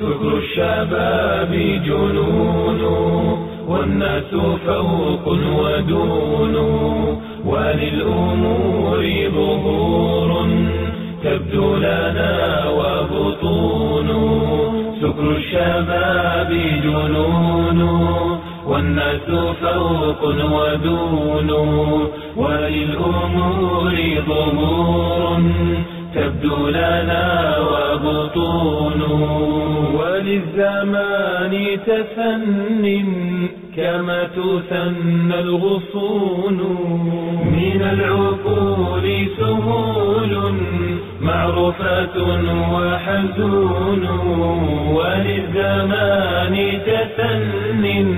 فكر الشباب جنون والناس فوق ودون وللأمور ظهور تبدو لنا وبطون سكر الشباب جنون والناس فوق ودون وللأمور ظهور تبدو لنا وبطون وللزمان تثن كما تثنى الغصون من العقول سهول معروفة وحزون وللزمان تثن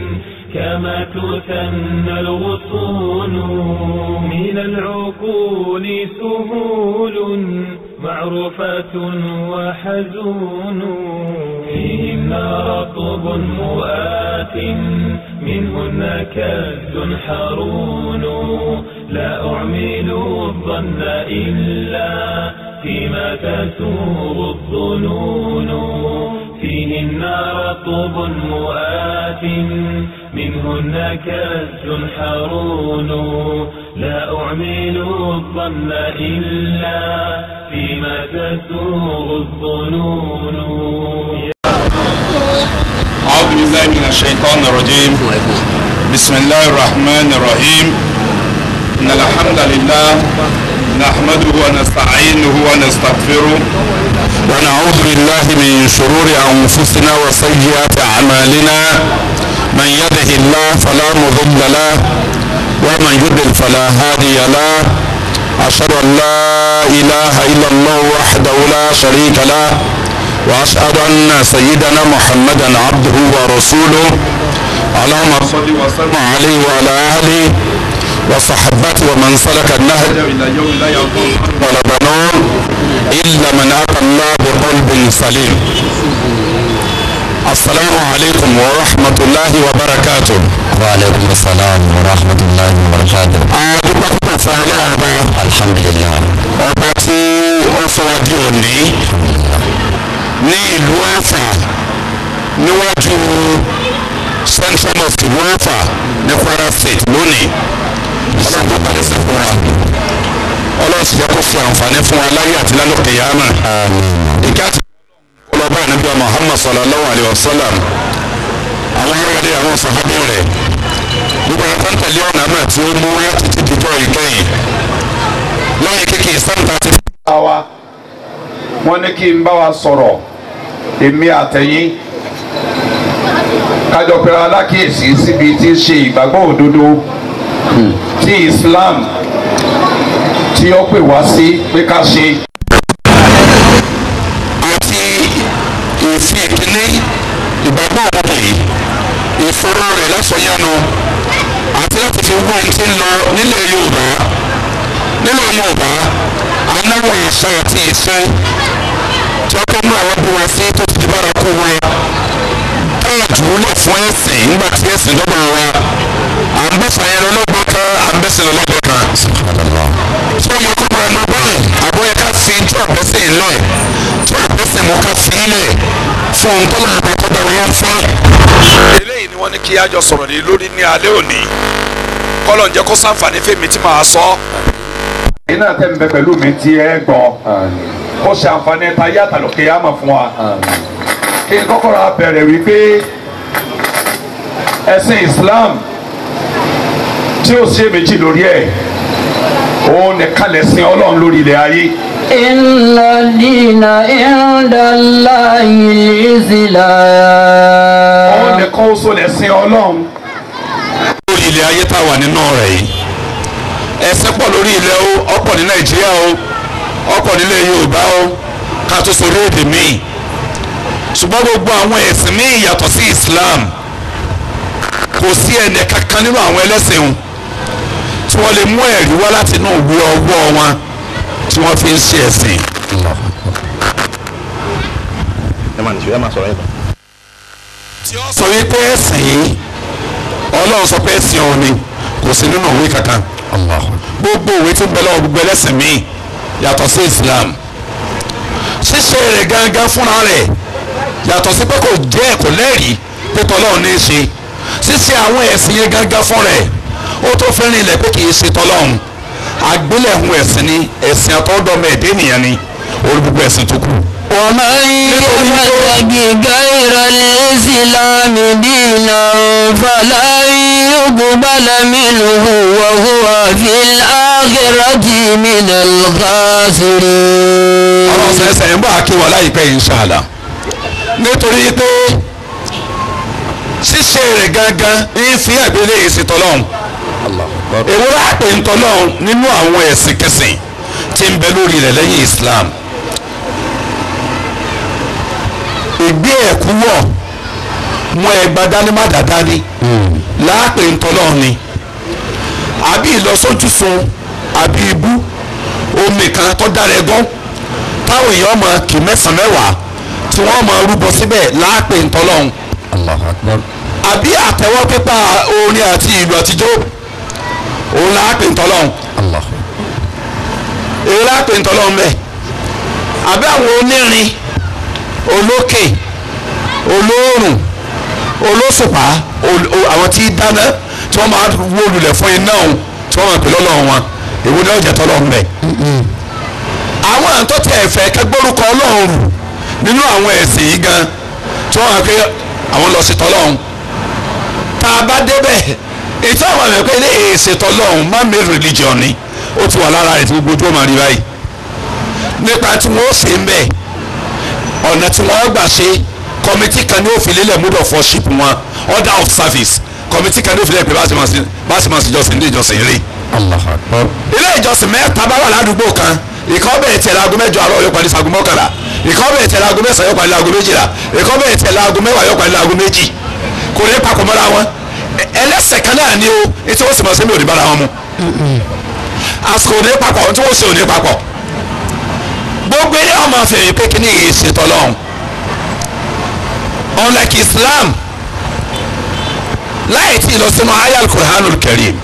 كما تثنى الغصون من العقول سهول معروفة وحزون فيهن رطب مؤات منهن كد حرون لا أعمل الظن إلا فيما تسوغ الظنون فيهن رطب مؤات منهن كأس حرون لا أعمل الظن إلا فيما تسوغ الظنون أعوذ بالله من الشيطان الرجيم بسم الله الرحمن الرحيم إن الحمد لله نحمده ونستعينه ونستغفره ونعوذ بالله من شرور أنفسنا وسيئات أعمالنا من يده الله فلا مضل له ومن يضل فلا هادي له أشهد أن لا إله إلا الله وحده لا شريك له وأشهد أن سيدنا محمدا عبده ورسوله اللهم صل وسلم عليه وعلى آله وصحبته ومن سلك النهج إلى يوم لا يقوم ولا بنون إلا من أتى الله بقلب سليم asalaamu alaykum wa rahmatulahi wa barakatu. wa aleykum salaam wa rahmatulahi wa barakatu. àdúgbò púpọ̀ fàlẹ́ àbá. alhamdulilayi. ọba tí ó fọwọ́ di òní ní ìlú Ọ̀fà níwájú central mosque ìlú Ọ̀fà ní Kwara state lónìí ọlọ́run bá lè sẹ́kọ̀ọ́ wa ọlọ́run sì yẹ kó fi àǹfààní fún wa láyé àti lálùkẹ́ ìkẹ́ àti anabi muhammad sallallahu alayhi wa sallam àwọn aráàlú àwọn sàhábì rẹ̀ gbogbo ẹ̀ka ń tẹ̀lé ọ̀nà náà tí ó mú láti ti dìjọ́ ìkẹyìn lọ́yìn kékeré sáńtà ti. àwa wọn ní kí n bá wa sọ̀rọ̀ èmi àtẹ̀yìn kájọ pé alákìyèsí síbi tí ń ṣe ìgbàgbọ́ òdodo ti islam tí ó pè wá sí pé ká ṣe. sọ yẹn nu àti láti fi wá ohun tí ń lọ nílẹ̀ Yorùbá nílẹ̀ Yorùbá aláwọ̀ àṣà àti ìfẹ́ tí wọ́n kọ́ mú àwọn bí wọ́n sí tó ti di bára kó wọn táwọn jù ú lọ fún ẹ̀sìn nígbà tí ẹ̀sìn dọ́gba wa à ń bẹ́sẹ̀ yẹn lọ́gbọ́n kan à ń bẹ́sẹ̀ lọ́gbọ́n kan. tí wọ́n mọ kọ́kọ́ ẹnu báyìí àbọ̀yẹ ká fi tí wọ́n bẹ́sẹ̀ ń lọ ẹ̀ tí ká fi ń lẹ̀ fún ohun tó lọ́ọ́ eléyìí ni wọ́n ní kí a sọ̀rọ̀ ní lórí ní alẹ́ òní kọ́lọ̀ ń kó ṣàǹfààní fèmí tí màá sọ. èyí náà tẹ́ ń bẹ pẹ̀lú mi tí ẹ gbọ́ kó ṣe ta yàtà lókè á mọ̀ fún wa kí n kọ́kọ́ ra wípé ẹ̀sìn Islam tí ó ṣe méjì lórí ẹ̀ òun nìkan lẹ̀sìn Ọlọ́run lórí ilẹ̀ ayé. إن الدين عند الله الإسلام ọlọ́run nìkan ó sọlẹ̀ sin ọlọ́run. lórí ilẹ̀ ayé tá a wà nínú rẹ̀ yìí ẹ̀ṣẹ̀ pọ̀ lórí ilẹ̀ o ọ̀pọ̀ ní nàìjíríà o ọ̀pọ̀ nílẹ̀ yorùbá o ká tó sọ orílẹ̀-èdè míì ṣùgbọ́n gbogbo àwọn ẹ̀sìn míì yàtọ̀ sí islam kò sí ẹnì kankan nínú àwọn ẹlẹ́sìn wọn tí wọ́n lè mú ẹ̀rí wá láti inú ìwé ọwọ́ wọn tí wọ́n fi ń ṣe ẹ̀sìn. ẹ máa nìṣó ẹ máa sọ̀rọ̀ yẹn tí ó sọ wípé ẹ̀sìn yìí ọlọ́run sọ pé ẹ̀sìn òun ni kò sí nínú òwe kankan gbogbo òwe tí ń bẹ lọ́wọ́ gbogbo ẹlẹ́sìn míì yàtọ̀ sí Islam ṣíṣe rẹ̀ gangan fúnra rẹ̀ yàtọ̀ sí pé kò jẹ́ ẹ̀kọ́ lẹ́rìí pé tọ́lọ́run ní í ṣe ṣíṣe àwọn ẹ̀sìn yẹn gangan fún rẹ̀ ó tó fẹ́ rinlẹ̀ pé kì í ṣe tọ́lọ́run àgbélẹ̀hún ẹ̀sìn ni ẹ̀sìn àtọ́dọ́mọ ni orí ẹ̀sìn tó kù. ومن يبتغ غير الإسلام دينا فلن يقبل منه وهو في الآخرة من الخاسرين. ọ̀rọ̀ sẹ́sẹ̀ ń bọ̀ àti wà láìpẹ́ inṣàlá nítorí pé ṣíṣe rẹ̀ gangan ń fi àgbélé ìsìtọ́lọ́hún èrò ráàpẹ̀ ń tọ́lọ́hún nínú àwọn ẹ̀sìn kẹsìn tí ń bẹ lórí rẹ̀ lẹ́yìn Islam. gbé ẹ̀kú wọ̀ mú ẹgbà dání má dàá dání hmm. láàpẹ̀ ntọ́lọ́ ni àbí ìlọsójúsun àbí ibú omi kan tó dára ẹgán táwọn èèyàn máa kì mẹ́sàn-án mẹ́wàá tí wọ́n máa rúbọ síbẹ̀ láàpẹ̀ ntọ́lọ́hún àbí àtẹ̀wọ́ pípa orin àti ìlú àtijọ́ òun láàpẹ̀ ntọ́lọ́hún èyí láàpẹ̀ ntọ́lọ́hún bẹ́ẹ̀ àbí àwọn onírin olókè olóòrùn olóṣùpá àwọn tí dáná tí wọ́n máa wó lulẹ̀ fún iná òun tí wọ́n máa pè lọ́lọ́run wọn èwo ni ọjà tọ́lọ̀ ń bẹ̀. àwọn àtọ́ tí ẹ̀fẹ̀ kẹgbórúkọ ọlọ́run rù nínú àwọn ẹ̀sìn yìí gan tí wọ́n máa pè àwọn lọ sí tọ́lọ́run tá a bá débẹ̀ ìtọ́ àwọn àmì pé ilé èsè tọ́lọ́run má mi religion ni ó ti wà lára rẹ̀ tí gbogbo ojú ọmọ rí báyìí nípa tí wọ́n ó sè ń bẹ́ẹ̀ ọ̀nà tí wọ́n gbà ṣe kọ́mítì kan ní òfin mood of worship wọn order of service kọ́mítì kan ní òfin lélẹ̀ pé bá a ṣe máa ṣe jọ́sìn ilé ìjọsìn rí. ilé ìjọsìn mẹ́ta bá wà ládùúgbò kan ìkọ́ bẹ̀rẹ̀ tẹ̀lé aago mẹ́jọ àárọ̀ yóò parí sago mọ́kànlá ìkọ́ bẹ̀rẹ̀ tẹ̀lé aago mẹ́sàn-án yóò parí aago méjìlá ìkọ́ bẹ̀rẹ̀ tẹ̀lé aago mẹ́wàá yóò parí aago méjì kò ní papọ̀ mọ́ra wọn ẹlẹ́sẹ̀ kan náà ni o etí wọ́n sì mọ̀ sí mi ò ní bára wọn mu àsìkò ò ní papọ̀ tí wọ́n sì ò ní papọ̀ gbogbo eré ọmọ àfẹ̀yẹ pé kí ni yìí ṣe tọ́lọ́hún unlike Islam láì tí ì lọ sínú ayal Qur'anul Karim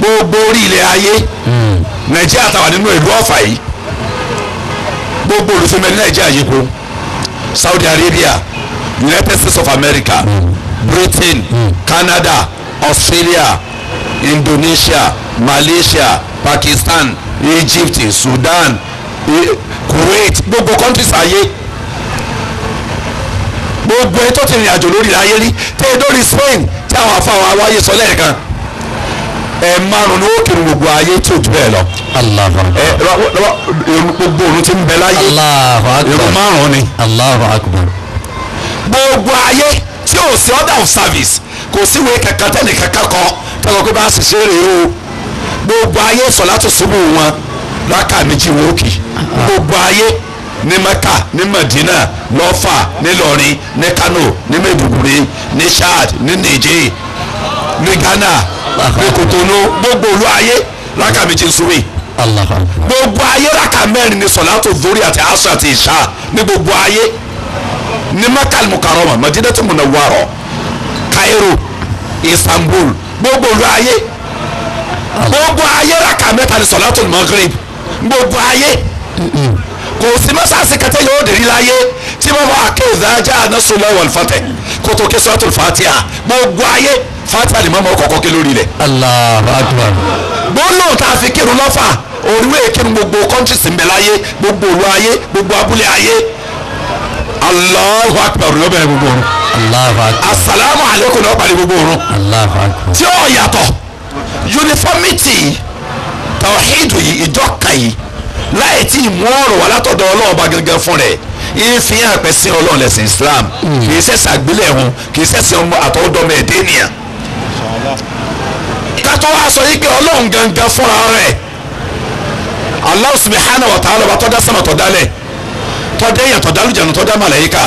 gbogbo orí ilẹ̀ ayé hmm. Nàìjíríà tàwa nínú ìlú Ọ̀fà yìí gbogbo olùfẹ́mẹ́ Nàìjíríà yìí kó Saudi Arabia United States of America hmm. Britain hmm. Canada Australia Indonesia Malaysia Pakistan Egypt Sudan Kuwait gbogbo countries ayé gbogbo ẹ tó ti rìn àjò lórí ayé rí tẹ́ ẹ lórí Spain tí àwọn afáwọn awáyé sọ lẹ́ẹ̀kan ẹ márùn ní ó kiri gbogbo ayé tí ò jù bẹ́ẹ̀ lọ. ẹ gbogbo òun ti ń bẹ láyé irú márùn ni. gbogbo ayé tí ò sí order of service kò síwèé kankan tẹ́nìkan kankan tẹ́lọ̀ pé bá a sì ṣe é rèé o gbogbo ayé sọ̀ látò ṣubú wọn rákà méjì wọ́n kì gbogbo ayé ní mẹ́kà ní mẹ̀dínà lọ́fà nílọrin ní kano ní mẹ́dùgúrí ní chad ní niger ní ghana ní kotonu gbogbo olú ayé rákà méjì ń súnmí gbogbo ayé rákà mẹ́rin ní sọ̀látò dórí àti aṣọ àti ìṣá ní gbogbo ayé ní mẹ́kà mukarama madina tó múnà wàrọ̀ cairo istanbul gbogbo olú ayé gbogbo ayé rákà mẹ́ta ní sọ̀látò magrib gbogbo ayé kò sí mọ́sáàsì kẹtẹ́ yóò dèrí láyé tí wọ́n wá kéèzájà anásùlẹ̀ wọ̀n fọ́tẹ̀ kó tó ké sọ́tò fàtíà gbogbo ayé fàtíà ni mọ́mọ́ kọ̀ọ̀kan ké lórí rẹ̀. Allahu Akbar. tá a fi kírun lọ́fà òrùwé kírun gbogbo kọ́ńtìsì ńbẹ láyé gbogbo òru ayé gbogbo abúlé ayé Allahu Akbar ló bẹ̀rẹ̀ gbogbo òrun. asalaamualeykum ló parí gbogbo òrun. tí ó yàtọ̀ uniformity tàwáhídù yìí ìjọ kan yìí láì tí ì mú ọ̀rọ̀ wá látọ̀dọ̀ ọlọ́run bá gangan fún rẹ̀ ìfihàn àpẹ̀sìn ọlọ́run lẹ̀sìn islam hmm. kì í ṣẹ̀ṣẹ̀ àgbélẹ̀hún kì í ṣẹ̀ṣẹ̀ ọmọ àtọwọ́dọ́mọ ẹ̀dẹ́ ènìyàn. kátó wá sọ yìí pé ọlọ́run gangan fúnra rẹ̀ Allah subhanahu wa ta'ala ọba tọ́já sánmà tọ́já lẹ̀ tọ́já èèyàn tọ́já lùjànù tọ́já màláyíkà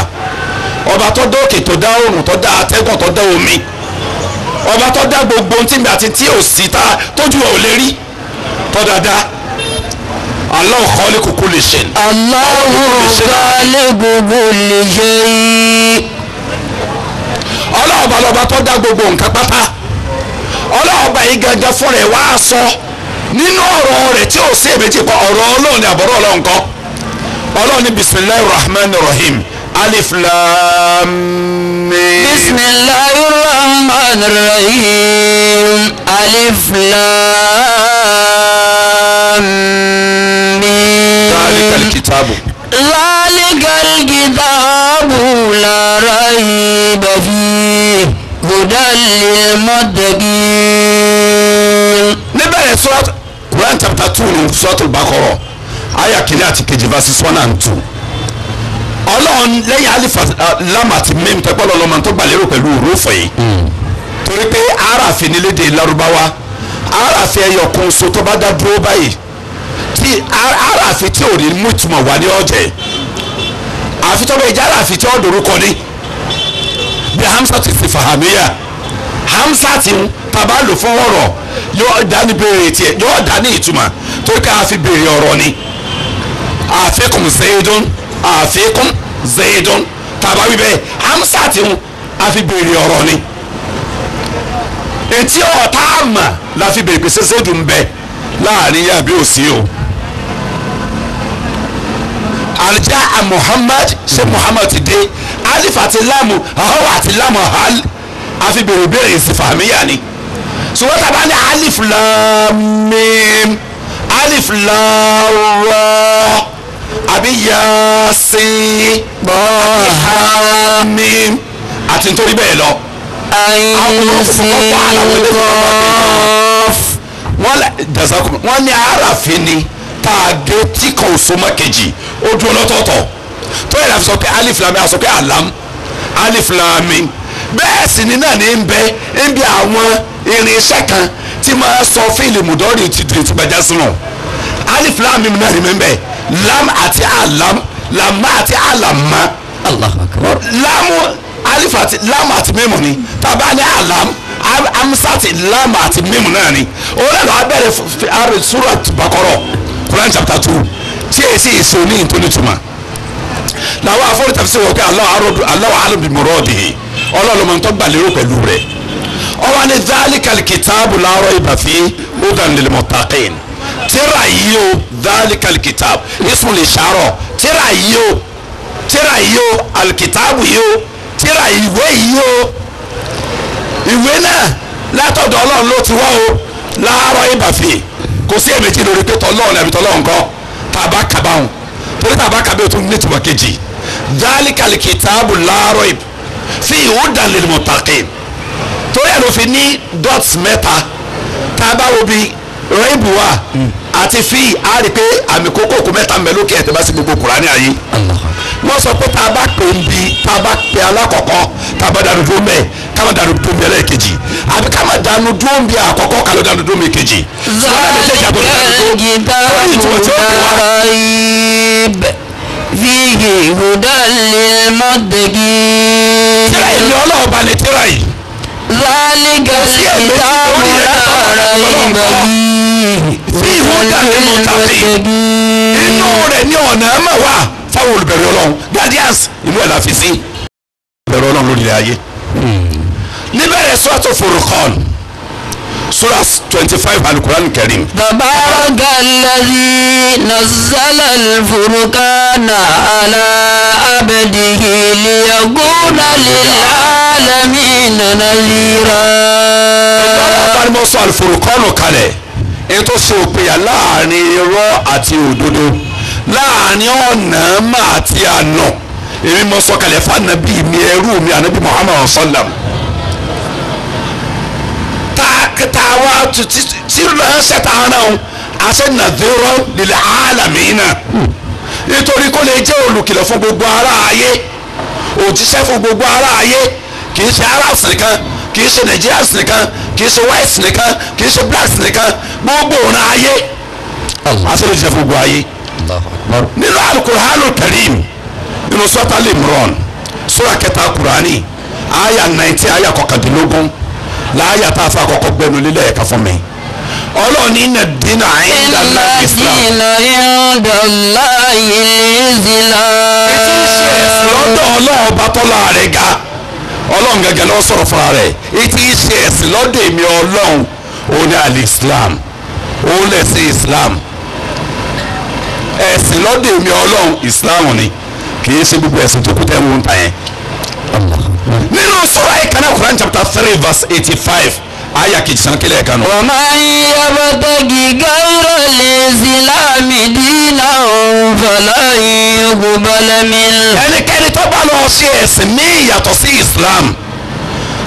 ọba tọ́já òkè tọ́já oòrùn tọ́já atẹ́gùn tọ́já omi ọba tọ́já gbogbo ohun tí mi àti tí ò sí tá tójú ò lè rí tọ́ dáadáa aláwọ̀ kọ́lé kòkó lè ṣe. aláwọ̀ kọ́lé gbogbo lè ṣe yìí. ọlọ́ọ̀bà lọ́ba tó dá gbogbo nǹkan pátá ọlọ́ọ̀bà yìí gangan fúnra ẹ̀ wá sọ nínú ọ̀rọ̀ rẹ̀ tí ò sí èméjì pa ọ̀rọ̀ ọlọ́run ni àbọ̀rọ̀ ọlọ́run kan ọlọ́run bisimilayi rahman rahim alif lam mim. bisimilayi rahman rahim alif lam. آمين ذلك الكتاب ذلك الكتاب لا ريب فيه هدى للمتقين níbẹ̀rẹ̀ surat Quran chapter two ní surat al-Baqarah aya kìíní àti kejì verses one and two ọlọ́run lẹ́yìn alifa uh, lam àti mim tẹ́gbọ́n lọ́mọ tó gbàlérò pẹ̀lú òrófò yìí torí pé aráàfin nílédè Lárúbáwá aráàfin ẹyọkùn so tó bá dá dúró báyìí tí aráàfin tí ò ní mú ìtumọ̀ wá ní ọ̀jẹ̀ àfi tọ́gbẹ́ ìjà aráàfin tí ó dorúkọ ní bí hamsa ti ti fàhàmìyà hamsa ti ń tàbá lò fún ọ̀rọ̀ yóò dání béèrè tiẹ̀ yóò dání ìtumọ̀ tó ká àfi béèrè ọ̀rọ̀ ni àfikún zayidun àfikún zayidun tàbá wíbẹ̀ hamsa ti ń àfi béèrè ọ̀rọ̀ ni etí ọ̀tá àmà la fi béèrè pé sẹ́sẹ́ dùn bẹ́ẹ̀ láàrin yàbí òsì o kọ̀díjà à muhammad muhammad ti dé alif àti lamu ọ̀hún àti lamu hal àfi bèrè bèrè ìsìfàmìyà ni ṣùgbọ́n tàbá ní alif lamim alif lara àbí yasin àbí hamim àti nítorí bẹ́ẹ̀ lọ. àwọn olùkọ́ àwọn olùkọ́ wọ́n ní àràfin ni tá a gé tí kò so mọ́ kejì ó dúró lọ́tọ̀ọ̀tọ̀ tó yẹ láti pé alif lami a sọ alam alif lami bẹ́ẹ̀ sì ni náà ní ń bẹ ń bí àwọn irinṣẹ́ kan tí máa sọ fíìlì mùdọ́rì ti dùn ti gbàjá sínú alif náà ní ń bẹ lam àti alam lamma àti alama lamu alif àti lam àti mímu ni tàbá ní alam amusati lam àti mímu náà ni òun náà lọ abẹ́rẹ́ surat bakọrọ Quran chapter two tí èsì èso ní ìtòlítùmọ̀ làwọn afọ́lẹ́ tàbí sèwọ́n pé Allahu a'lamu bi muradihi ọlọ́ọ̀lọ́mọ tó gbà lérò pẹ̀lú rẹ̀ ọwọ́ ni dhalikal kitabu la rayba fihi hudan lil muttaqin tíra yìí o dhalikal kitab ismu lishara tíra yìí o tíra yìí o alikitaabu yìí o tíra ìwé yìí o ìwé náà látọ̀dọ̀ ọlọ́run ló ti wá o la rayba fihi kò sí èméjì lórí pé tọ́lọ́run ẹ̀mí tọ́lọ́run kan tàbá kaba hàn torí tàbá kaba ètò nítumọ̀ kejì dáálíkàlì kìtàbù láàárọ̀ ìb fi ìwò dàlẹ́ mọ̀ tàkì torí ẹ̀ ló fi ní dọ́t mẹ́ta tàbá wo bi rẹ́ẹ̀bù wa àti fi á rí i pé àmì kókó mẹ́ta ń bẹ lókè ẹ̀ tẹ́ bá sí gbogbo kùránì ayé wọ́n sọ pé tàbá pè ń bi tàbá pè alákọ̀ọ́kọ́ tàbá dàdúró mẹ́ẹ̀ ká má dànù dúró mi ẹlẹ́ẹ̀kejì àbí ká má dànù dúró mi àkọ́kọ́ ká lọ dànù dúró mi kejì. fíìgì ìhùdálẹ̀ mọ́tẹ́gì. tíra ìlú ọlọ́ọ̀ba ni tíra yìí. zálígà ìtàwọn ará ìgbàgbọ́. fíìgì ìhùdálẹ̀ mọ́tẹ́gì. inú rẹ̀ ní ọ̀nà ẹ̀ mọ̀ wá fáwọn olùbẹ̀rẹ̀ ọlọ́run guardians ìlú ẹ̀ la fi sí. olùbẹ̀rẹ̀ ọlọ́run lórí níbẹ̀rẹ̀ sọ́tò Furqan sura twenty five alukuran karim. tabaraka alladhi nazzala al-furqana ala abdihi liyakuna lil-alamina nadhira. ìgbàlá àbálùmọ́sọ al kalẹ̀ ètò ṣe láàrin irọ́ àti òdodo láàrin ọ̀nà mà àti ànà èmi mọ̀ sọ̀kalẹ̀ fún ànábì mi ẹrú mi ànábì Muhammad sallam tá a wá sírù náà ṣẹta A wọn àṣẹ nàdúró lílẹ àlàmínà nítorí kó lè jẹ́ olùkìlọ̀ fún gbogbo ará ayé òjíṣẹ́ fún gbogbo ará ayé kì í ṣe aráàsì nìkan kì í ṣe nigerians nìkan kì í ṣe whites nìkan kì í ṣe blacks nìkan gbogbo ọ̀nà ayé àṣẹ ló jẹ́ fún gbogbo ayé nínú alukur'anu karim nínú sọ́tà limron sura kẹta kurani aya ninety aya kọkàndínlógún láàyè tá a fa kọ́kọ́ gbẹnu lílẹ̀ ẹ̀ka fún mi ọlọ́ọ̀ni iná dínà ìdàlá islam. iná dínà ìdàlá ìlẹ́sìlá. ètò ìṣe ẹ̀sìn lọ́dọ̀ ọlọ́run bá tọ́lá rẹ̀ ga ọlọ́run gẹ́gẹ́ lọ́wọ́ sọ̀rọ̀ fúnra rẹ̀ ètò ìṣe ẹ̀sìn lọ́dọ̀ èmi ọlọ́run òun àlè islam òun lẹ̀sìn islam ẹ̀sìn lọ́dọ̀ èmi ọlọ́run islam ni kì í ṣe gbogbo ẹ̀sìn tó kú tẹ́ ń ta yẹn nínú sọ́ra yìí kan Quran chapter three verse eighty five aya kejì san kílẹ̀ kan. wa man yabtaghi ghayra l-islami dinan falan yuqbala minhu. ẹnikẹ́ni tó bá lọ ṣe ẹ̀sìn ní ìyàtọ̀ sí Islam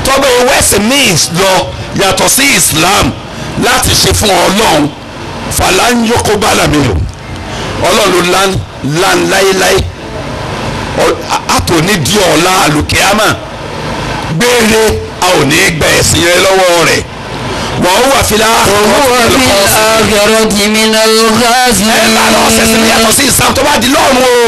tó bá wẹ́sìn ní lọ yàtọ̀ sí Islam láti ṣe fún Ọlọ́run falan yuqbala minhu Ọlọ́run lánláéláé àtòní di ọ̀la àlùkìyàmà gbére a ò ní gba ẹ̀sìn rẹ lọ́wọ́ rẹ̀ wọ́n wà fìlà ọ̀rọ̀ ti o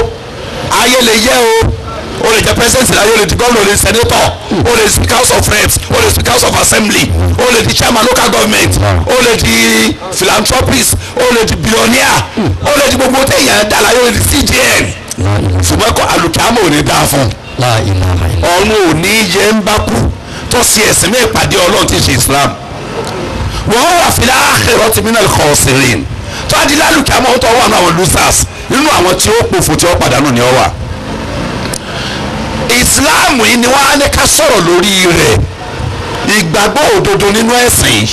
ayé jẹ president láyé o lè di gómìnà o lè di senator o lè di house of reps o lè di house of assembly o lè di chairman local government o lè di philanthropist o lè di billionaire o lè di gbogbo téèyàn dà o lè di cjn ṣùgbọ́n kọ́ alùpàmù ò ní dáa fún un ọ̀run ò ní yẹ ń bá kú tó sì ẹ̀sìn mẹ́ ìpàdé ọlọ́run tí ń ṣe islam wọ́n wà fi láàkẹ́rọ̀ tí mínà kọ̀ sírin tó adìlá alùpàmù ọ̀tọ̀ wà náà losers nínú àwọn tí ó pòfò tí ó pàdánù ni ó wà islam yìí ni wọ́n á ní ká sọ̀rọ̀ lórí rẹ̀ ìgbàgbọ́ òdodo nínú ẹ̀sìn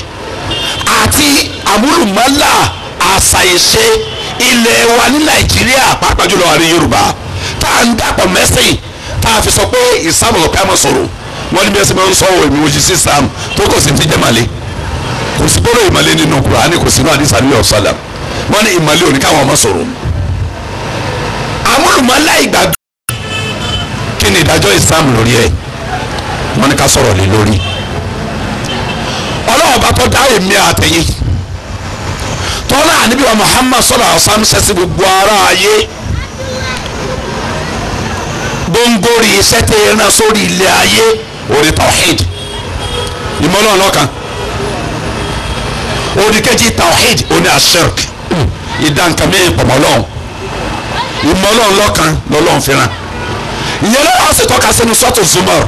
àti àmúlùmọ́lá àṣà ìṣe ilẹ̀ wa ní nàìjíríà pàápàá jùlọ àrí yorùbá tá à ń dàpọ̀ mẹ́sìn tá a fi sọ pé ìsàmù lọ́pẹ́ àmọ́ sọ̀rọ̀ wọ́n ní bí ẹsẹ̀ máa ń sọ òwe mi oṣù sí sam tó kò sí ti jẹ́ màlẹ́ kò sí bọ́lọ̀ ìmàlẹ́ nínú kùránì kò sí náà ní sàlẹ̀ ọ̀sálà wọ́n ní ìmàlẹ́ òní káwọn ọmọ sọ̀rọ̀ àwọn ìmọ̀lá ìgbàgbọ́ kí ni ìdájọ́ ìsàmù lórí ẹ̀ wọ́n ní ká sọ̀rọ̀ lé lórí ọlọ́wọ́ bá tọ́ dá èmi àtẹ̀yìn tọ́lá ànábì wa Muhammad sọlá ọ̀sán sẹ́sì gbogbo ara ayé gbóngbóri iṣẹ́ tẹ ẹran sórí ilẹ̀ ayé orí tawhid ìmọ̀lọ́run lọ́kan orí kejì tawhid oní ashirk ìdáǹkàmí ìpamọ́lọ́run ìmọ̀lọ́run lọ́kan lọ́lọ́run fẹ́ràn ìyẹn lọ́wọ́ sì tọ́ka sínú sọ́tò Zumar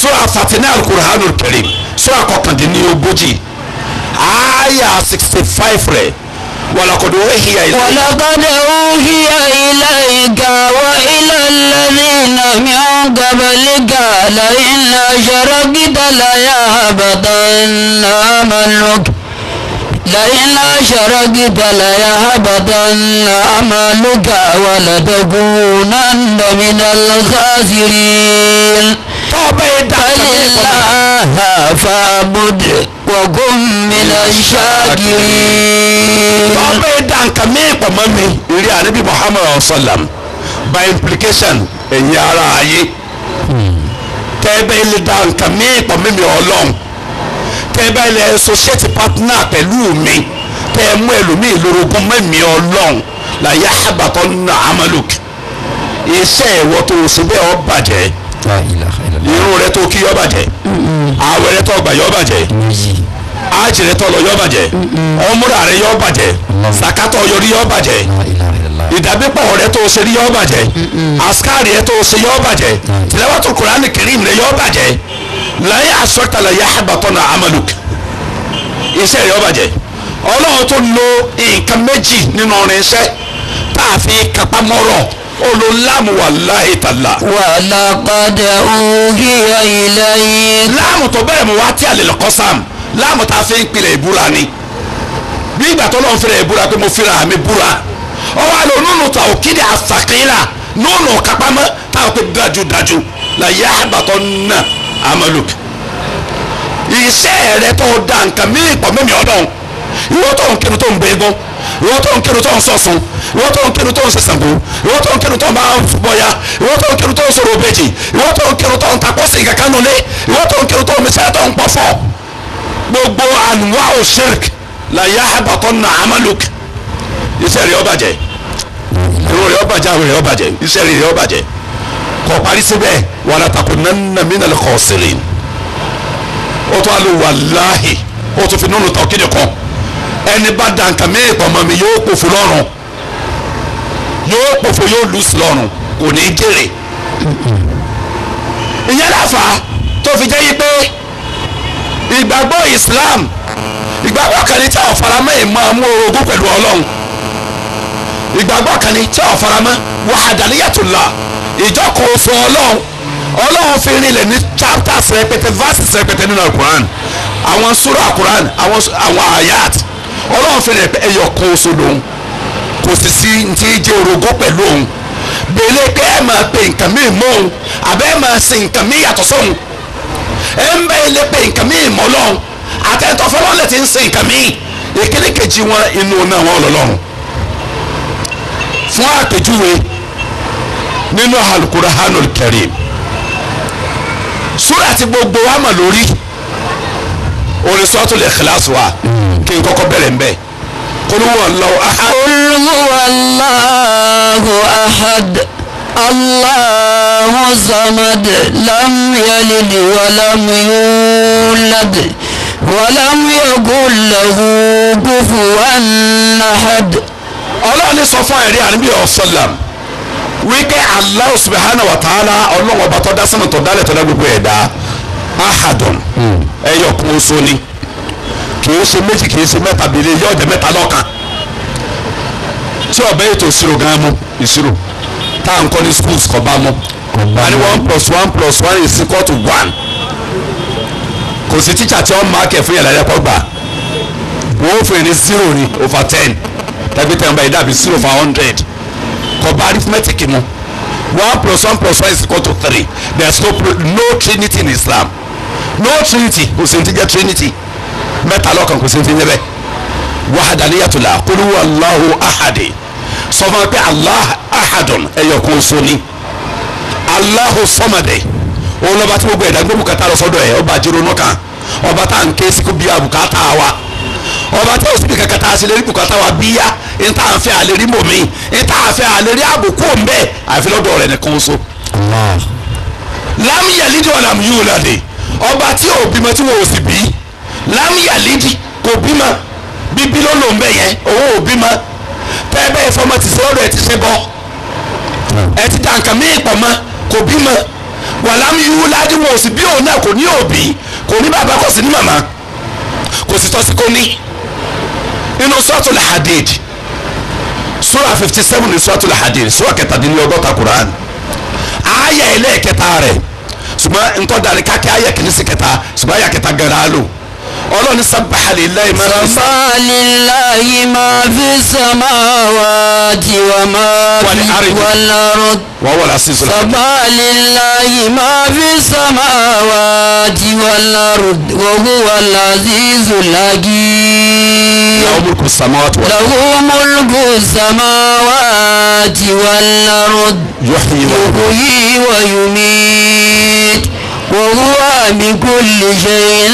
sura fatina al-Qur'anul Karim sura kọkàndínlógójì. So, àyà sixty five rẹ̀ wàlàkọ̀dọ̀ òhìyà ilẹ̀. wàlàkọ̀dọ̀ òhìyà ilẹ̀ ìgà wà ilẹ̀ lẹ́nìnà mi ò gàbàlígà lẹ́yìn náà ṣọ̀rọ̀ gíga láyà àbàtà náà mọ̀lúkì. لئن أشركت ليهبطن عملك ولتكونن من الخاسرين فلله فاعبد wọ̀gọ́ mìíràn ṣáàgìrì. ọbẹ̀ dá nǹkan mí pọ̀ mọ́ mi. ìrí ànábì Muhammad ọ̀sọ́làm by implication ẹ̀yin ara ayé tẹ́ẹ̀bẹ́ ilé dá nǹkan mí pọ̀ mímí ọlọ́run tẹ́ẹ̀bẹ́ ilé associate partner pẹ̀lú mi tẹ́ẹ̀ mú ẹlòmíì lórogún mẹ́mí ọlọ́run làyà àbàtọ́ nínú àmàlùkì iṣẹ́ ìwọ́ tó o sì bẹ́ẹ̀ ọ bàjẹ́ irun rẹ tó kí yó bàjẹ́ àwẹ̀ rẹ tó gbà yó bàjẹ́ ájì rẹ tó lọ yó bàjẹ́ ọmúra rẹ yó bàjẹ́ sàkátọ̀ yọrí yó bàjẹ́ ìdábípọ̀ rẹ tó ṣe rí yó bàjẹ́ àṣkárì rẹ tó ṣe yó bàjẹ́ tìlẹ́wàtò kùránì kìrìm rẹ yó bàjẹ́ láyé asọ́tàlẹ̀ yá àbàtọ̀nà amaluk iṣẹ́ rẹ yó bàjẹ́ ọlọ́run tó lo nǹkan méjì nínú ọ̀rìn iṣẹ́ tá a fi kápá mọ́rọ̀ olùlámù wàláhì tàlà. wàlá padà òhì ilẹ̀ yìí. láàmù tó bẹ̀rẹ̀ mu wá tí àlè lọ́kọ́ sam láàmù tá a fi ń pilẹ̀ ìbúra ni bí ìgbà tó lọ́n fẹ́rẹ̀ ìbúra pé mo fẹ́rẹ̀ àmì búra ọwọ́ àlọ́ nínú ta òkìdí àfàkìlà nínú kápámọ́ táwọn pé dájúdájú la yá àbàtọ́ náà amaluk iṣẹ́ rẹ tó da nǹkan mí ìpọ̀ mẹ́mi ọ̀dọ́ ìwọ́n tó ń kiri tó ń bẹ́ẹ̀ gbọ́n ìwọ tó ń kírun tó ń sọ̀sùn ìwọ tó ń kírun tó ń sẹ̀sàgbó ìwọ tó ń kírun tó ń bá bọ̀yà ìwọ tó ń kírun tó ń sọ̀rọ̀ òbejì ìwọ tó ń kírun tó ń takọ́sì ìkàkánulé ìwọ tó ń kírun tó ń mẹsẹ̀ tó ń pọ̀fọ̀ gbogbo ànúwà ò ṣirk la yà àbàtọ̀ nà amaluk iṣẹ́ rẹ̀ ó bàjẹ́ irun rẹ̀ ó bàjẹ́ àwọn rẹ̀ ó bàjẹ́ iṣẹ́ rẹ̀ ó bàjẹ́ kọ̀ parí síbẹ̀ wàlá takunanna minal khasirin ó tún á lò wàláhì ẹni bá da nǹkan mí ìpamọ́ mi yóò pòfo lọ́rùn yóò pòfo yóò lùsì lọ́rùn kò ní í jèrè ìyẹn láfa tó fi jẹ́ yí pé ìgbàgbọ́ Islam ìgbàgbọ́ kan ní tí a faramọ́ ìmọ̀ àmú orogún pẹ̀lú Ọlọ́run ìgbàgbọ́ kan ní tí a faramọ́ wahdaniyatullah ìjọkọ̀ oṣù Ọlọ́run Ọlọ́run fi rinlẹ̀ ní chapters rẹpẹtẹ verses rẹpẹtẹ nínú Al-Quran àwọn sura Al-Quran àwọn àwọn ayat ọlọ́run fi rẹ̀ ẹyọ kan oṣù lòun kò sì sí ti jẹ́ orogún pẹ̀lú òun bèlè pé ẹ máa pe nǹkan míì mọ́ òun àbẹ́ máa sin nǹkan míì yàtọ̀ sóhun ẹ ń bẹ́ ilé pe nǹkan míì mọ́ lọ́run àtẹ̀tọ̀ fọlọ́lẹ̀ ti ń sin nǹkan míì ìkíní kejì wọn inú náà wọn lọ́lọ́run fún àpèjúwe nínú Al-Qur'anul Karim súrà tí gbogbo wa mọ̀ lórí orin suratul ikhlas wa kí n kọ́kọ́ bẹ̀rẹ̀ nbẹ qul huwallahu ahad. qul huwallahu ahad allahu samad lam yalid walam yulad walam yakul sọ fún ẹ̀rí àníbí ọ̀sọ́làm wíkẹ́ Allah subhanahu wa ta'ala ọlọ́run ọba tó tó dálẹ̀ tó dá gbogbo ẹ̀dá ahadun ẹyọ kan oṣù ni kìí ṣe méjì kìí ṣe mẹ́ta bìlẹ yóò jẹ mẹ́ta lọ́kan tí ọbẹ ètò ìṣirò gan mu ìṣirò tá à ń kọ́ ní schools kọ́ bá mu àní one plus one plus one is equal to one kò sí tíṣà tí wọ́n máa kẹ̀ fún yàrá ẹ̀kọ́ gbà wọ́n fún yẹn ní zero ni over ten tàbí ten báyìí dàbí zero over hundred kò bá arithmetic mu one plus one plus one is equal to three there is no, no trinity in Islam no trinity kò sí ti jẹ́ trinity mẹ́ta lọ́kàn kò sí ti jẹ́ bẹ́ẹ̀ wàhádàníyàtúlá ahadi sọ fún allah ahadun ẹ̀yọ̀ kò so ni aláhu sọmadẹ òun lọ́ba tí gbogbo ẹ̀dá gbogbo kata lọ sọ́dọ̀ ẹ̀ ọba jírònú kan ọba tá à ń ké sikú bíi abùkátà wa ọba tí o sì bí kankan tá a sì lè rí bùkátà wa bíyá n tá à ń fẹ́ àlè rí mòmí n tá à ń fẹ́ àlè rí àbùkù mbẹ́ àfi lọ́dọ̀ rẹ̀ nìkan lam yalid wa lam yulad ọba tí o bímọ tí wọn ò sì bí lámìyàlídì kò bímọ bíbí ló lò ń bẹ yẹn òun ò bímọ bẹ́ẹ̀ bẹ́ẹ̀ fọmọ tìṣe ọ̀rọ̀ ẹ̀ ti ṣe bọ́ ẹ ti dà nǹkan mí ìpamọ́ kò bímọ wàlámù yìí ládì wọn ò sì bí òun náà kò ní òbí kò ní bàbá kò sí ní màmá kò sì tọ́sí kò ní nínú suratul hadid sura fifty seven ní suratul hadid sura kẹtàdínlọ́gọ́ta Qur'an ààyè ẹlẹ́ẹ̀kẹta rẹ̀. ṣùgbọ́n ntọ́jà ni kákẹ́ ayẹ kìíní sí kẹta ṣùgbọ́n ayẹ kẹta gẹ̀rẹ́ á قولوني نسبح لله ما صبح لله ما في السماوات وما في الأرض وهو العزيز الحكيم صبح لله ما في السماوات والأرض وهو العزيز الحكيم له ملك السماوات والأرض له ملك السماوات والأرض يحيي ويميت وهو بكل شيء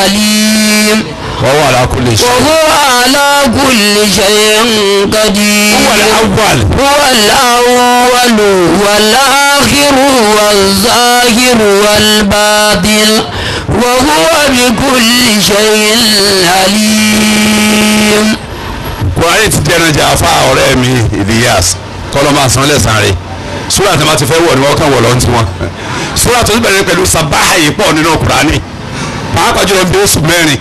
عليم وهو على كل شيء وهو على كل شيء قدير هو الأول هو الأول والآخر والظاهر والباطن وهو بكل شيء عليم kùránì ti dẹnu jẹ afa ọ̀rẹ́ mi ìdíyàs kọlọmọ àsanlẹsàn rẹ sùúrù àtàmà ti fẹ́ wọ sura tó bẹ̀rẹ̀ pẹ̀lú sabaha yìí pọ̀ nínú kurani pàápàá jùlọ bí oṣù mẹ́rin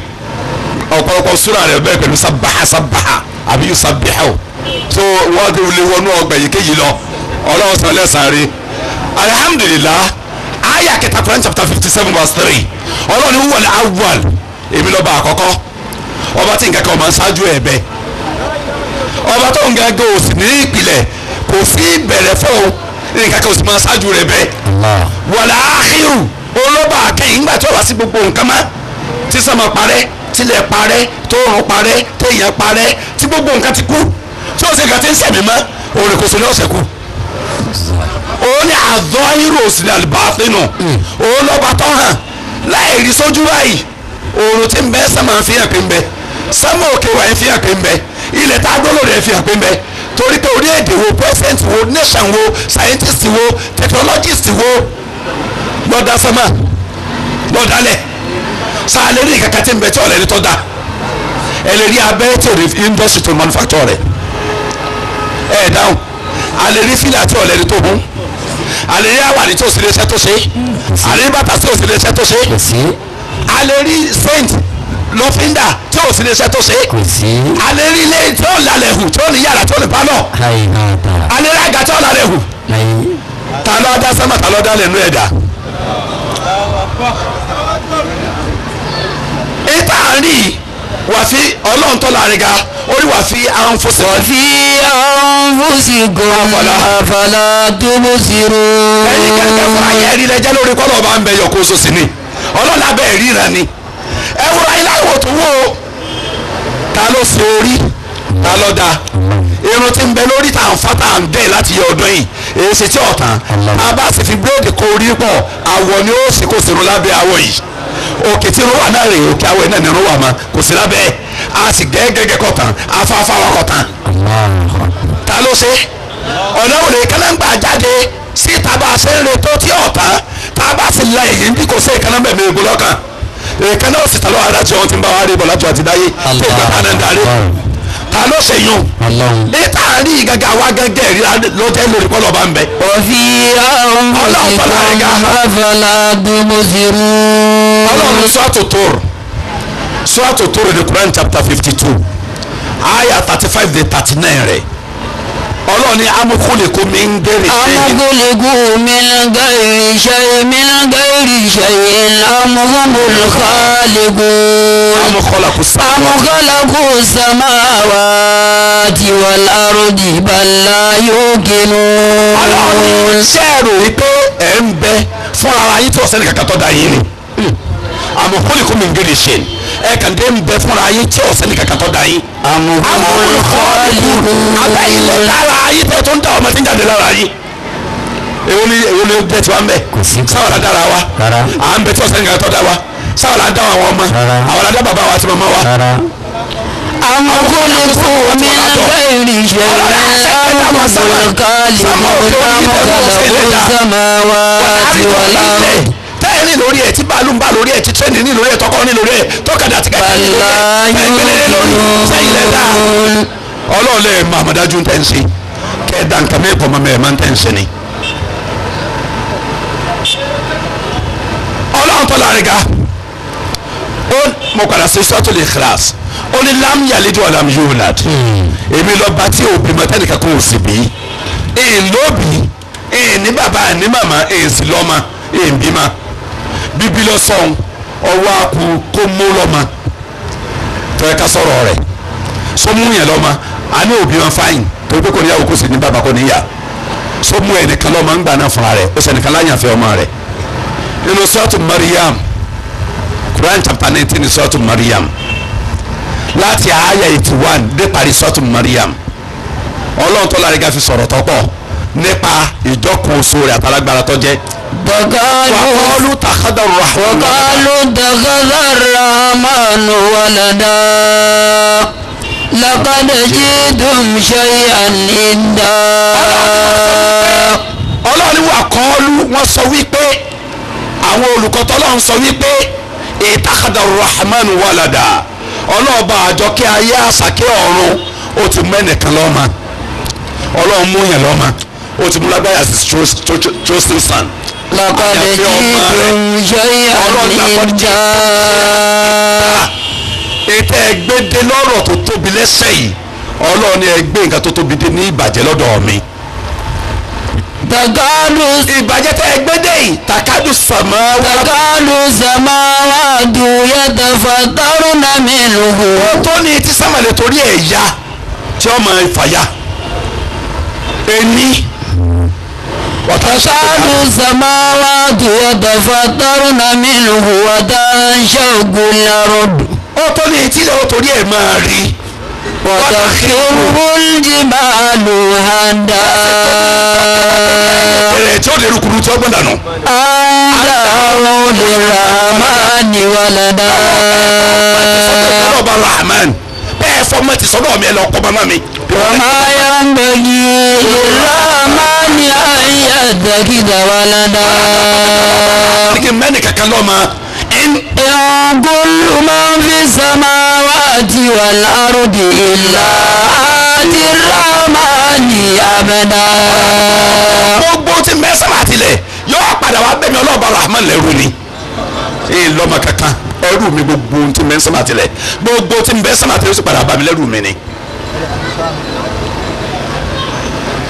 ọ̀pọ̀lọpọ̀ sura rẹ̀ bẹ̀rẹ̀ pẹ̀lú sabaha sabaha àbí yusabihu so wọ́n ti lè wọnú ọgbà yìí kéyìí lọ ọlọ́wọ́ sọ lẹ́sàárì alhamdulillah aya kẹta Quran chapter fifty seven verse three ọlọ́ni wọlé awwal èmi lọ́ba àkọ́kọ́ ọba tí nǹkan kan máa ń ṣáájú ẹ̀ bẹ́ẹ̀ ọba tó ń gẹ́gẹ́ òsì ní ìpìlẹ̀ kò sí ìbẹ̀rẹ̀ fún òun nǹkan kan ò sì máa ṣáájú rẹ̀ bẹ́ẹ̀ wàlá àkírù olóba àkẹyìn ńgbà tí ó wá sí gbogbo nǹkan mọ́ tí sọmọ parẹ́ tilẹ̀ parẹ́ tóorùn parẹ́ téèyàn parẹ́ tí gbogbo nǹkan ti kú tí ó sì nǹkan ti ń sẹ̀mí mọ́ òrè kò sí ní ọ̀sẹ̀ kù òun ni àdọ́ irú òsì àlùbáfínù òun lọ́ba tó hàn láì rí sójú báyìí òòrùn tí ń bẹ sẹ́mà fi hàn pé ń bẹ sẹ́mà òkè wà ń fi hàn pé ń bẹ ilẹ̀ tá a gbọ́ lórí ẹ̀ fi hàn pé ń bẹ torí pé orílẹ̀-èdè wo president wo nation wo scientist wo technologist wo lọ́dà sọ́mà lọ́dà lẹ̀ sáà lè rí kankan tí ń bẹ tí ọ̀rẹ́ rí tọ́ da ẹ lè rí abẹ́rẹ́ tí ò rí industry to manufacture rẹ̀ ẹ̀ dáhùn a lè rí fílà tí ọ̀rẹ́ rí tó mú a lè rí àwàdí tí ò sí tó ṣe a rí bàtà tí ò sí tó ṣe a rí saint lọ́fíńdà tí ò sí iléeṣẹ́ tó ṣe. kò sí. alẹ́ rí ilé tí ó lálẹ́ hù tí ó ní yàrá tí ó ní pálọ̀. alẹ́ rí àga tí ó lálẹ́ hù. ta ló dá sẹ́mà ta ló dá lẹ́nu ẹ̀dá. ìta àárín wàfi ọlọ́run tó láàrin ga orí wàfi àǹfọ̀sẹ̀. wàfi àǹfọ̀sẹ̀ gan àfàlà tó bó sí ro. ẹyin kẹkẹ fún ayé rí lẹjẹ lórí kọlọ bá ń bẹ yọ kó ni ọlọ́run abẹ́ ríran ni ẹ wúra ò tún wò ó ta ló ṣe orí ta ló da irun tí ń bẹ lórí tá à ń fata à ń bẹ̀ láti yọ ọdún yìí èyí ṣe tí ọ̀tàn a bá sì fi búrẹ́dì kó orí pọ̀ àwọ̀ ni ó sì kó sínú lábẹ́ àwọ̀ yìí òkè tí irun wà náà rèé òkè àwọ̀ náà ni irun wà mọ́ kò sí lábẹ́ a sì gẹ́gẹ́gẹ́ kọ̀ tán afáfá wa kọ̀ tán ta ló ṣe ọ̀nà òde kẹlẹ́ngbà jáde síta bá a ṣe ń retó tí ọ̀tàn tá a bá sì la èyí bí kò sí ìkànnì bẹ̀ mí ìgbòlọ́kàn èèkan náà sì ara tí wọn ti ń bá wa rí bọ̀ látọ̀ àti dáyé tó gbà tá náà darí ta ló ṣe yún ní wa gẹ́gẹ́ rí ló jẹ́ lórí pọ́lọ̀ bá ń òfi àwọn ọmọ afọlá gbogbo ọlọ́run sọ́ọ̀tù tóòrù sọ́ọ̀tù tóòrù ní Quran chapter fifty two ayah thirty five to thirty nine rẹ̀ ọlọ́run ní amúkúlẹ̀kù mi ń gẹ̀rì ṣẹ́yìn. amúkúlẹ̀kù mi ń gẹ̀rì ṣẹ́yìn mi ń gẹ̀rì ṣẹ́yìn amúkúlẹ̀kù. amúkúlẹ̀kù sàmáwá ti wà lárúdì bàlá yóò kinu. ọlọ́run ṣe é rò wípé ẹ̀ ń bẹ fúnra ara yín tó ọ̀sẹ́ni kàkà da yín ni hmm. amúkúlẹ̀kù mi ń gẹ̀rì ṣẹ́yìn ẹ kàn dé nbẹ fúnra yín tí ọ̀sẹ̀ ní kankan tó da yín. amúhùn kọ́ ìlú. abẹ́yìn lè lára yín tẹ́ tó ń da ọmọ tí ń jáde lára yín. èwo ni èwo ni bẹ́ẹ̀ tí wọ́n bẹ̀. sáwọ́lá dára wa. à ń bẹ tí ọ̀sẹ̀ ní kankan tó da wa. sáwọ́lá dá àwọn ọmọ. àwọn adá bàbá wa àti màmá wa. àwọn kúlùkù mi lọ́gbẹ́ ìrìnsẹ̀ rẹ̀ ọ̀rọ̀ kọ́lì rìn lórí ẹ̀ tí bàálù ń bà lórí ẹ̀ tí tírẹ́nì rìn lórí ẹ̀ tọkọ rìn lórí ẹ̀ tọkadà ti kẹ̀kẹ́ rìn lórí ẹ̀ ẹ̀gbẹ́lẹ́ lórí sẹ́yìn lẹ́dà ọlọ́ọ̀lẹ́ màmúdájú ń tẹ̀sí kẹ́ẹ̀dá nǹkan mẹ́kọ̀ọ́ mọ́mọ́ ẹ̀ máa ń tẹ̀sí ni. ọlọ́run tó láre ga ó mọ̀ padà sí sọ́tòlì Ikhlas ó ní lámìyàlejò ọ̀làmìyòlàd hmm. èmi lọ bá tí òbí mọ̀tẹ́nìkan kò sì bí èèlóbi èèní bàbá èèní màmá èèsì lọ́mọ èèbí máa bíbí lọ́sọ̀n ọwọ́ àkú kó mú lọ́mọ tọ́yẹ ká sọ̀rọ̀ rẹ̀ so mú yẹn lọ́mọ a ní òbí wọn fáyìn torí pé kò ní yàwó kò sì ní bàbá kò ní yà so mú ẹnìkan lọ́mọ ń gbà náà fúnra rẹ̀ ó sẹnìkan láyàfẹ́ ọmọ rẹ̀ nínú sọ́ọ̀tù Mariam Quran chapter nineteen sọ́ọ̀tù Mariam láti àáyà eighty one dé parí sọ́ọ̀tù Mariam ọlọ́run tó lárí gáfi sọ̀rọ̀ tọ́pọ̀ nípa ìjọkùn oṣù rẹ̀ àtàlágbára tó jẹ́. wàhálù takadà rahman. wàhálù takadà rahman walada. laqad jidum shay'an idda. ọlọ́run wà kọ́ọ́lù wọ́n sọ wípé àwọn olùkọ́ tọ́lọ́run sọ wípé ìtakadà rahman walada ọlọ́ọ̀bà àjọkẹ́ ayé àṣàkẹ́ ọ̀run ó ti mẹ́nìkan lọ́mọ ọlọ́run mú yẹn lọ́mọ ó ti mú lágbára sí trosting sand. lọ́kọ̀dé kí ìdùn yọ̀yà ní ìjà. ètò ẹgbẹ́dẹ lọ́rọ̀ tó tóbi lẹ́sẹ̀ yìí ọlọ́run ni ẹgbẹ́ nǹkan tó tóbi dé ní ìbàjẹ́ lọ́dọ̀ mi. Tagalu ìbàjẹ́ tẹ ẹgbẹ́dẹ́ yìí. Takadu sàmá wá. Tagalu sàmá wá dùnyẹ tẹfà tọrùnà mi lòhùn. Wọ́n tó ní ti sàmàlẹ̀ torí ẹ̀ ya tí ó máa fàyà. Ẹni. E وتشعر السماوات يتفطرن منه وتنشق الأرض ó tó ní etí lẹ́wọ́ torí ẹ̀ máa rí. wàtàkìrú jìbàlù hàdà. ẹ̀rẹ̀ tí ó lè rúkúrú bẹ́ẹ̀ fọmọ ti sọ́dọ̀ mi ẹ lọ kọ́ mama mi. ọmọ ayé ń gbẹ̀gì ìlà máa ní ayé àdàkìdà wà ládàá. kí mẹ́ni kankan lọ́ọ́ ma. ìyàgòlù máa ń fi sàmà wá àti wà lárúdì ìlà àti rámánì gbogbo ti mẹ́sàn-án àtìlẹ̀ yóò padà wá bẹ̀mí ọlọ́ọ̀bà rahman lẹ́rù ni ee lọ́mọ kankan ẹrú mi gbogbo ohun tí ń bẹ sánmà àtìlẹ̀ gbogbo tí ń bẹ sánmà àtìlẹ̀ ó sì padà bá mi lẹ́rù mi ni.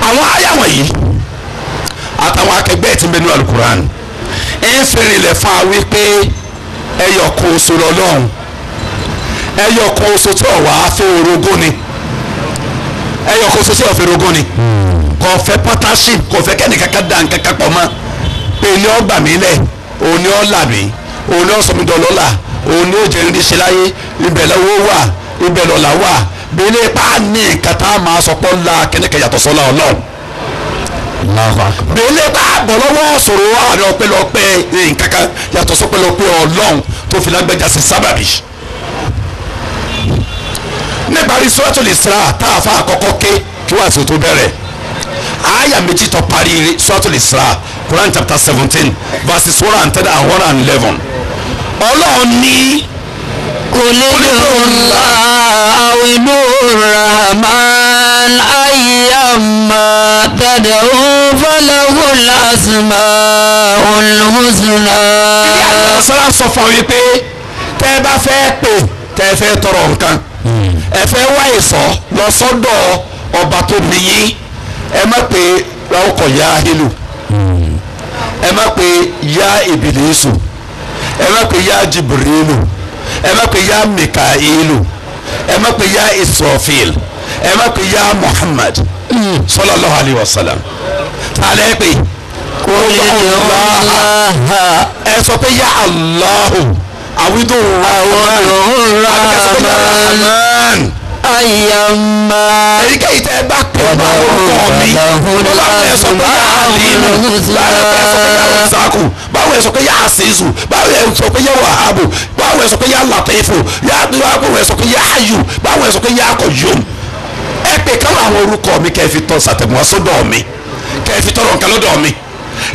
àwọn àyà wọ̀nyí àtàwọn akẹgbẹ́ ẹ̀ ti ń bẹ ní alukuran ń fèrè lẹ̀ fún wa wípé ẹyọ kan oṣù lọ́lọ́run ẹyọ kan oṣù tí ò wá fẹ́ orogún ni ẹyọ kan oṣù tí ò fẹ́ orogún ni kò fẹ́ partnership kò fẹ́ kẹ́nìkankan dà nǹkan kan pọ̀ mọ́ pé ní ọgbà mi lẹ̀ òní ọ̀ là mí òun náà sọ mi dọ̀ lọ́la òun ní òjẹ́ ní ṣe láyé ibẹ̀ lọ́wọ́ wà ibẹ̀ lọ́la wà bí ipá ní nǹkan tá a máa sọ la kẹ́nìkan yàtọ̀ sọ́la ọlọ́run bí ipá bọ̀ lọ́wọ́ sọ̀rọ̀ àrẹ ọpẹ́lọpẹ́ nǹkan kan yàtọ̀ sọ́pẹ́lọpẹ́ ọlọ́run tó fi lágbẹ́jà sí sábàbí níparí Suratul Isra tá a fa àkọ́kọ́ ké kí wàá tó bẹ̀rẹ̀ aya méjì tó parí Suratul Isra Quran chapter seventeen verses one hundred and one and eleven ọlọ́run ní. kò lè lò ńlá àwìnú rahman ayyamma tad'u falahu al-asma'ul husna. ilé àlọ́ sọ́lá sọ fún mi pé tẹ́ ẹ bá fẹ́ pè tẹ́ ẹ fẹ́ tọrọ nǹkan ẹ fẹ́ wá ìsọ lọ sọ́dọ̀ ọba tó nìyí ẹ má pè láwùkọ̀ yá hílù ẹ má pè yá ìbìlísù ẹ má pè yá jibrilu ẹ má pè yá mikailu ẹ má pè yá israfil ẹ má pè yá muhammad sallallahu alayhi wa sallam tààlẹ́ pè kò yẹ ẹ sọ pé yá allahu àwídùn àwọn ọ̀rọ̀ àyàmà. èyíkéyìí tẹ́ ẹ bá pè ọ́ báwo kọ́ mi bọ́lá àwọn ẹ̀ sọ pé yà á lílu báwo ẹ̀ sọ pé yà á sàkù báwo ẹ̀ sọ pé yà á sísù báwo ẹ̀ sọ pé yà á wàhábù báwo ẹ̀ sọ pé yà á làtẹ́fù báwo ẹ̀ sọ pé yà á yù báwo ẹ̀ sọ pé yà á kọ̀ yòm. ẹ pè káwọn àwọn orúkọ mi kẹ́ ẹ fi tọ́ sàtẹ̀mọ́ sọ́dọ̀ mi kẹ́ ẹ fi tọ́rọ̀ nǹkan lọ́dọ̀ mi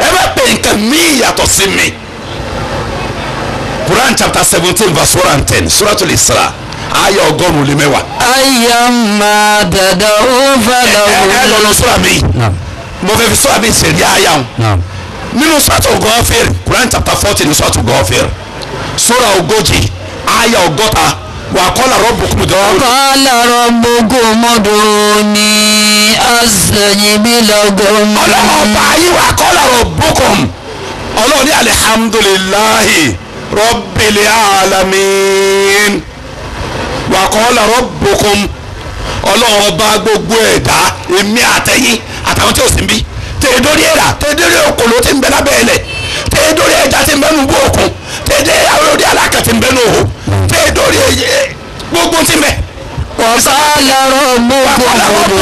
ẹ bá pè nǹkan mí yàtọ̀ sí mi. Quran chapter seventeen verse one and ten Suratul Isra ayé ọgọ́rùn-ún lé mẹ́wàá. ayé máa dada ó fẹ́ràn òun. ẹ ẹ lọ́nà sọ́ra mi mo fẹ́ fi sọ́ra mi ṣe ní ayé àwọn. nínú sọ́ọ̀tù gọ́ọ̀fẹ́r Quran chapter fourteen sọ́ọ̀tù gọ́ọ̀fẹ́r sọ́ra ogójì ayé ọgọ́ta wà á kọ́lá rọ́ọ̀bù kùmù dùn. kọ́lá rọ́ọ̀bù kùmù dùn ní azẹ̀yìnbílọ́gùn. ọlọ́run ọba ayé wà á kọ́lá rọ́ọ̀bù kùmù ọlọ́run ní alihamudulilayi rọ́bìlì alamin wàkọ́ọ́lá rọ́bùkún ọlọ́run ọba gbogbo ẹ̀dá èmi àtẹ̀yìn àtàwọn tí ò sí ń bí tèè dórí ẹ̀rà tèè dórí òkòló tí ń bẹ lábẹ́ ẹ̀lẹ̀ tèè dórí ẹja tí ń bẹ nù bú òkun tèè dé olórí alákà tí ń bẹ nù òhò tèè dórí eh, gbogbo tí ń bẹ. wàhálà rọ̀mù gbogbo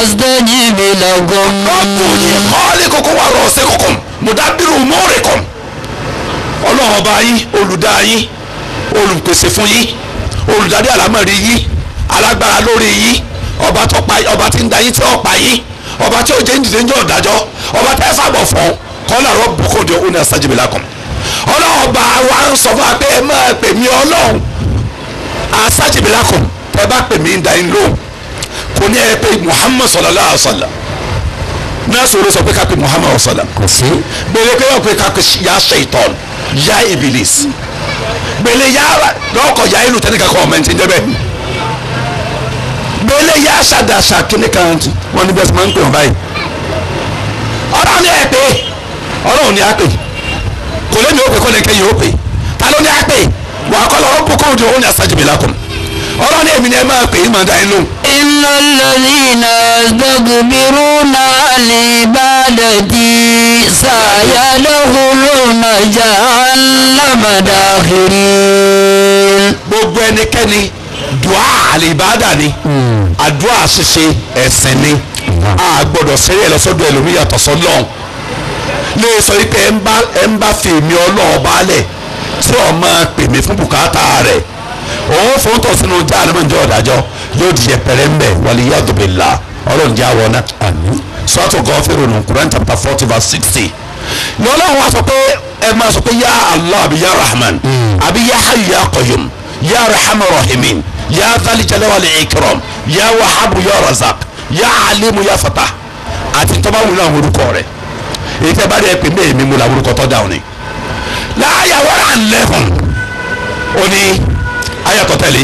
ọ̀sẹ̀ni mi lọ́gọ́n. ọkùnrin kọ́lé kókó wà rọ̀ ọ̀sẹ̀ kókó mùdábírù mọ́ọ̀rẹ̀ kọ́ ọlọ́run ọba yín olùdá yín olùpèsè fún yín olùdarí àlámọ̀rí yín alágbára lórí yín ọba tó pa ọba tí ń da yín tí ó pa yín ọba tí ó jẹ́ ìdílé ń jẹ́ ọ̀dájọ́ ọba tẹ́ sábọ̀ fún kọ́lá rọ bukodi ọ̀hún ẹ̀sàjìbìlà kan ọlọ́run ọba wa ń sọ fún wa ẹ máa pè mí ọlọ́run àsàjìbìlà kan ẹ bá pè mí da yín lóhùn kò ní ẹ pé Muhammad sallallahu alaihi wasallam náà sọ̀rọ̀ sọ pé ká pè Muhammad sallallahu alaihi wasallam bẹ̀rẹ̀ pé wọ́n pè ká pè ya shaitan ya ibilis. Mm -hmm gbèlè yàrá lọ́kọ̀ yà inú tẹ́lẹ̀ kankan ọmọ ẹ̀ gbèlè yà ṣàdàṣà kíní kan wọn ní bẹ́ẹ̀ máa ń pè wọ́n báyìí ọlọ́run ni ẹ pè ọlọ́run ni a pè kò lè mi ó pè kò lè kẹ́yìn ó pè ta ló ní a pè wà á kọ́ lọ́wọ́ kó kóhùn òun ni àṣàjì mi lákùn ọlọ́run ni èmi ni ẹ máa pè é máa dá yín lóhùn. iná náà lè bá dọ̀tí. سيدخلون جهنم داخرين gbogbo ẹnikẹ́ni dùá àlìbádà ni Adua hmm. ṣíṣe ẹ̀sìn ni hmm. a gbọ́dọ̀ sẹ́rí ẹ̀ lọ́sọ́dọ̀ ẹlòmíì yàtọ̀ sọ́lọ́hún lè sọ wípé ẹ ń bá ẹ ń bá fi èmi ọlọ́ọ̀ balẹ̀ tí ọ máa pè mí fún bùkátà rẹ̀ òun fún tọ̀ sínú jáde mọ́jọ́ ọ̀dájọ́ yóò di yẹpẹrẹ ń bẹ̀ wàlíyàdùbìlà ọlọ́run jẹ́ náà sọ́tò gọ́fẹ́rù nù Quran chapter forty verse sixty ní ọlọ́run wa sọ pé ẹ máa sọ pé ya Allah àbí ya Rahman àbí ya Hayyu ya Qayyum ya Rahman Rahimin ya Dhal Jalali wal Ikram wahabu Wahhabu razak, Razzaq Alimu ya Fattah àti tọ́ba wù náà orúkọ rẹ̀ èyí tẹ́ bá rí ẹ pé mẹ́ẹ̀ mi mú la orúkọ tọ́ da òní. láyà wàrà lẹ́kùn òní ayàtọ̀ tẹ̀lé.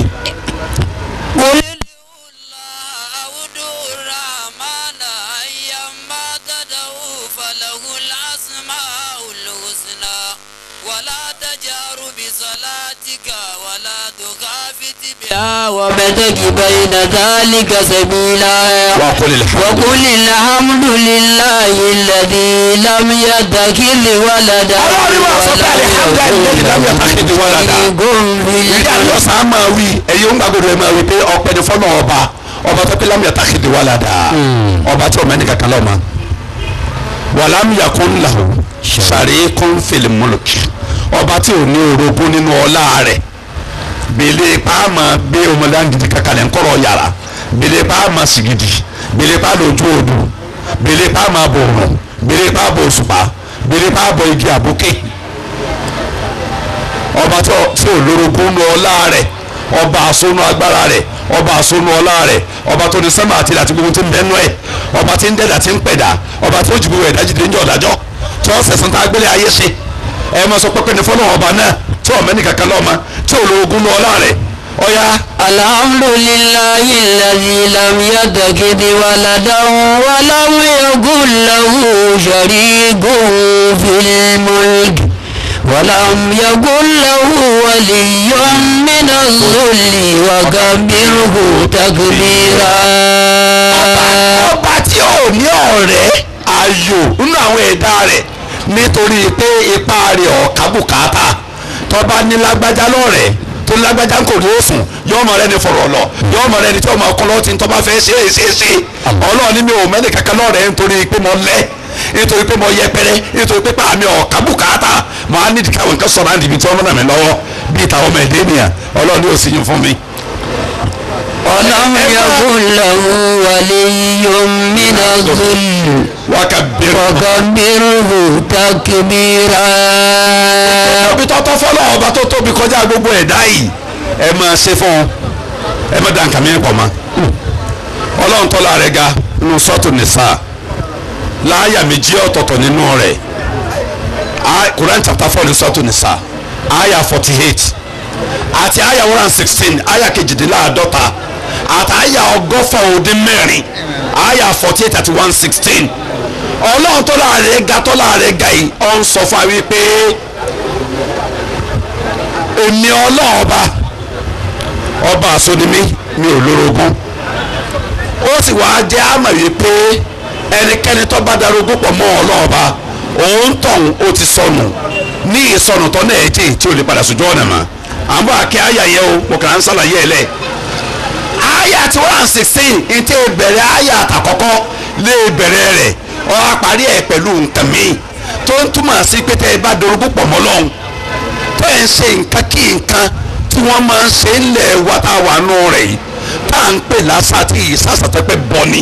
وابتغ بين ذلك سبيلا وقل الحمد لله الذي لم يتخذ ولدا ọba tó pé lámìyà tàkìdì wà ọba tí ọmọ ẹnìkan kan lọ ma wà kún làwọn sàrẹ́ kún fèlè mọ́lòkì ọba tí ò ní orogún nínú ọlá rẹ̀. bele pàmò gbé ọmọdé àgìdì kankanlẹ̀ ńkọ̀rọ̀ yàrá bèlè pàmò sìgìdì bèlè pàmò ojú odò bèlè pàmò bele bèlè pàmò òṣùpá bèlè pàmò igi àbókè ọba tí ò lórogún nu ọlá rẹ̀ ọba àsonú agbára ọba àsonú ọlá rẹ̀ ọba tó ní sẹ́mà ọba tí ń dẹ̀dà tí ọba gbogbo ẹ̀dá jìdí ń jọ ọ̀dájọ́ tí ọmọ ẹnìkan kan lọ́ọ́ ma tí olóògùn lọ ọlá rẹ̀ ọ̀ya. alhamdulillahi alladhi lam yattakhid waladan wa lam yakul lahu sharikun fil mulk wa lam yakul lahu waliyyun min adh-dhulli wa kabbirhu takbira. ọba tí ò ní ọ̀rẹ́ ayò nínú àwọn ẹ̀dá rẹ̀ nítorí pé ipa rẹ̀ ọ̀ka bùkátà tọ́ba ní lágbájá lọ́rẹ̀ẹ́ tó lágbájá ń kò ní òfun yóò mọ rẹ ní fọ̀rọ̀ lọ yóò mọ rẹ ní tí ọmọ ọkọlọ ti ń tọ́ba fẹ́ ṣe é ṣe é ṣe ọlọ́ọ̀ni mi ò mẹ́ni kankan lọ́rẹ̀ẹ́ nítorí pé mo lẹ́ nítorí pé mo yẹ pẹrẹ nítorí pé pa àmì ọ̀ka bùkátà mo á nídìí nǹkan sọ̀rọ̀ àǹdí ibi tí wọ́n mọ̀ náà mi lọ́wọ́ bíi tàwọn ọmọ ẹ̀dẹ́ nìyà ọlọ́ọ̀ni ò sí yín fún mi ọlọ́run yẹ̀kún lọ́hùn wọlé yomina zulu wakabiruhu takibira. ọbí tọ́tọ́ fọlọ́ ọba tó tóbi kọjá gbogbo ẹ̀dá yìí ẹ máa ṣe fún ẹ má dá nǹkan mìíràn pọ̀ mọ́ ọlọ́run tọ́lá rẹ̀ ga nínú sọ́ọ̀tù nìsa láàyà méjì ọ̀tọ̀ọ̀tọ̀ nínú rẹ̀ Quran chapter four ní sọ́ọ̀tù nìsa àyà forty eight àti àyà one hundred sixteen àyà kejìdínláàdọ́ta. àtàyà ọgọ́fà òde mẹ́rin àyà forty eight àti one sixteen ọlọ́run tọ́lá rẹ̀ ga tọ́lá rẹ̀ ga yìí ọ̀ ń sọ fún èmi ọba ọba mi ò lórogún ó sì wáá jẹ́ àmọ̀ wípé ẹnikẹ́ni tó bá darogún pọ̀ mọ́ òun tọ̀hún ó ti sọnù ní ìsọnù tọ́ náà ẹ̀ tí ò lè padà sójú ọ̀nà mọ́ aya àkẹ́ o mo kàn án lẹ́ẹ̀. aya ti one sixteen ntẹ bẹ̀rẹ̀ aya àtàkọ́kọ́ lè bẹ̀rẹ̀ rẹ̀ ọ parí ẹ̀ pẹ̀lú nǹkan mi tó ń túmọ̀ sí pé tẹ́ ẹ bá dorogún pọ̀ mọ́ lọ́hùn tẹ́ ẹ ń ṣe nǹkan kí nǹkan tí wọ́n máa ń ṣe ń lẹ̀ wá tá a wà nù rẹ̀ yìí tá à ń pè lásà tí ìsásà tẹ́ pẹ́ bọ́ ni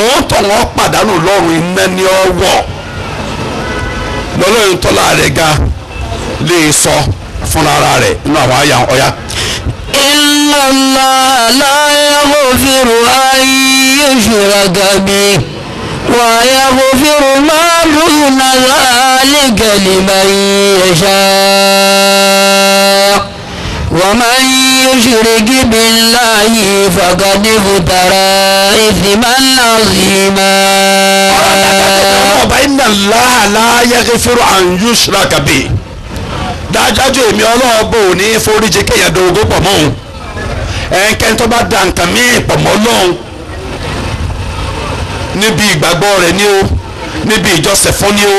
òun tó wọn pàdánù lọ́rùn iná ní ọwọ́ lọ́lọ́run tọ́lá rẹ̀ ga lè sọ fúnra rẹ̀ nínú àwọn àyà ọ̀yà. إن الله لا يغفر أن يشرك به ويغفر ما دون ذلك لمن يشاء ومن يشرك بالله فقد افترى إثما عظيما إن الله لا يغفر أن يشرك به dájájú èmi ọlọ́run bò ní foríjì kéèyàn dorogo pọ̀ mọ́ òun ẹnikẹ́ni tó bá da nǹkan míì pọ̀ mọ́ ọlọ́run níbi ìgbàgbọ́ rẹ̀ ni o níbi ìjọsẹ̀ fún ni o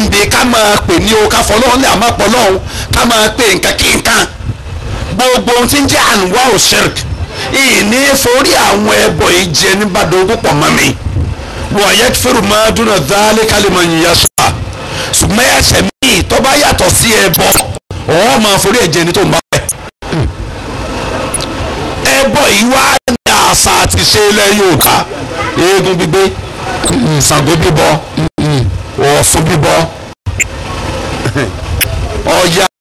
níbi ká máa pè ní o ká fọlọ́run lè àmọ́ pọ̀ lọ́run ká máa pè nǹkan kí nǹkan gbogbo ohun tí ń jẹ́ ànúwá ò ṣẹ́rìkì ìní forí àwọn ẹbọ ìjẹ nígbà dorogo pọ̀ mọ́ mi wọ̀nyẹ́ fẹ́rù máa dúnà dálé kálí mọ̀ yíyá sọ́wọ́ ṣùgbọ́n ẹ̀ṣẹ̀ míì tó bá yàtọ̀ sí ẹbọ ọ̀hún máa forí ẹ̀jẹ̀ ní tó ń bá bẹ̀. ẹbọ yìí wá ní àṣà àti ṣe ilẹ̀ Yorùbá eégún gbígbé mm-hmm, Ṣàngó bíbọ mm-hmm, Ọ̀ṣun bíbọ Ọya